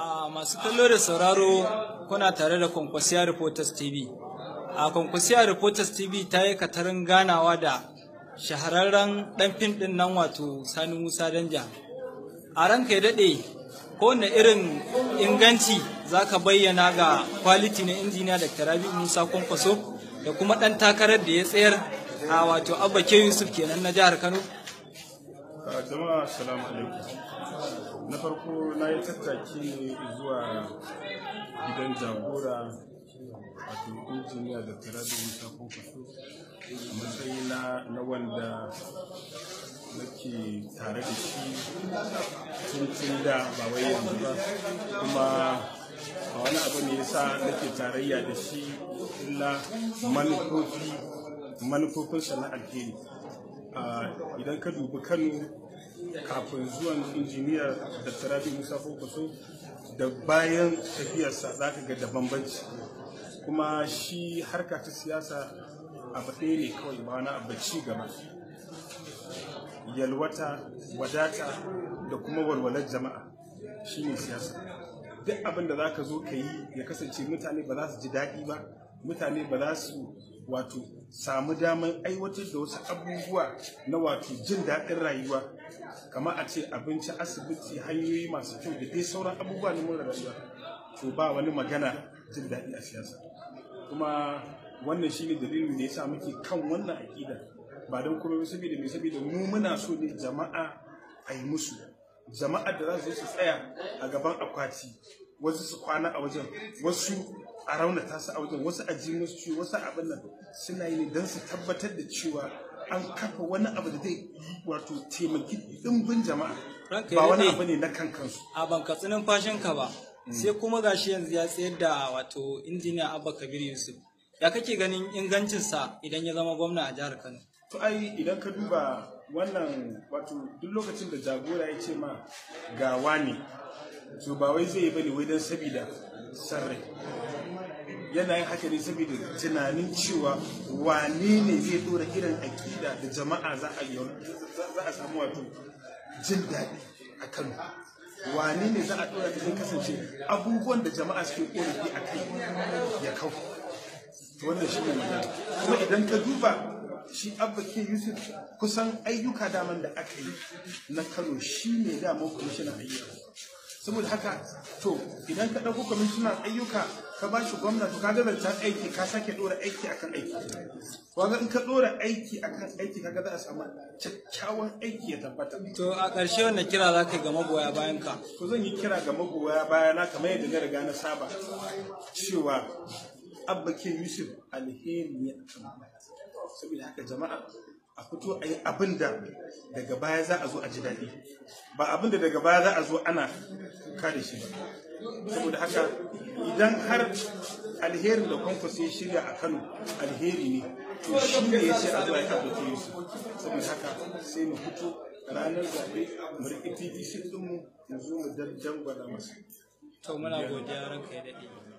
a masu kallo da sauraro kuna tare da kwankwasiya reporters tv a kwankwasiya reporters tv ta yi katarin ganawa da shahararren dan fim din nan wato sani musa danja a ranka ya daɗe kowane irin inganci za ka bayyana ga kwaliti na injiniya da rabi musa kwankwaso da kuma ɗan takarar da ya tsayar a wato abba ke yusuf kenan na jihar kano jama'a assalamu alaikum na farko na yi tattaki zuwa gidan jagora wato injiniya da tarabi musa kofaso a matsayi na wanda nake tare da shi tun da ba yanzu ba kuma a wani abu ne yasa nake tarayya da shi illa manufofi manufofinsa na alheri ah, idan ka dubi kano kafin zuwan injiniyar da rabi musa fokuso da bayan tafiyarsa za ka ga da bambanci kuma shi harka ta siyasa abu ɗaya ne kawai ba wani abu ci gaba yalwata wadata da kuma walwalar jama'a shine siyasa duk abin da za ka zo ka yi ya kasance mutane ba za su ji daɗi ba mutane ba za su wato samu damar aiwatar da wasu abubuwa na wato jin daɗin rayuwa kamar a ce abinci asibiti hanyoyi masu kyau da dai sauran abubuwa ne mun rayuwa to ba wani magana jin daɗi a siyasa kuma wannan shine dalilin da yasa muke kan wannan aƙida ba don kuma saboda me saboda mu muna so ne jama'a a yi musu jama'a da za su su tsaya a gaban akwati wasu su kwana a wajen wasu a raunata su a wajen wasu a ji musu ciwo wasu abin nan suna yi don su tabbatar da cewa an kafa wani abu da zai wato taimaki dimbin jama'a ba wani abu ne na kan kansu a ban numfashin ka ba mm. sai kuma gashi yanzu ya tsayar da wato injiniya abba kabir yusuf ya kake ganin ingancinsa idan ya zama gwamna a jihar kano to ai idan ka duba wannan wato duk lokacin da jagora ya ce ma gawa ne to ba wai zai bane wai dan sabida sarrai yana yin haka ne saboda tunanin cewa wane ne zai dora irin akida da jama'a za a samu wato jin daɗi a kano wane ne za a dora da zai kasance abubuwan da jama'a suke ƙorafi a kai ya kau wannan shi ne magana kuma idan ka duba shi abba ke yusuf kusan ayyuka daman da aka yi na kano shi ne dama na ayyuka saboda haka to idan ka ɗauko kwamishinan ayyuka ka ba shi gwamna to ka ta aiki ka sake ɗora aiki akan aiki wanda in ka ɗora aiki akan aiki ka gaza a samu kyakkyawan aiki ya tabbata to a ƙarshe wanda kira za ka yi ga magoya bayan ka to zan yi kira ga magoya na kamar yadda na riga na saba cewa abba ke yusuf alheri ne a kan saboda haka jama'a a fito a yi abin da daga baya za a zo a ji daɗi ba abin da daga baya za a zo ana kare shi saboda haka idan har alherin da kwanfa ya shirya a kano alheri ne to shi ne ya ce a zuwa ya tabbatar su saboda haka sai mu fito ranar zaɓe mu riƙi pdc ɗinmu mu zo mu dangwada masu. to muna godiya ranka ya daɗe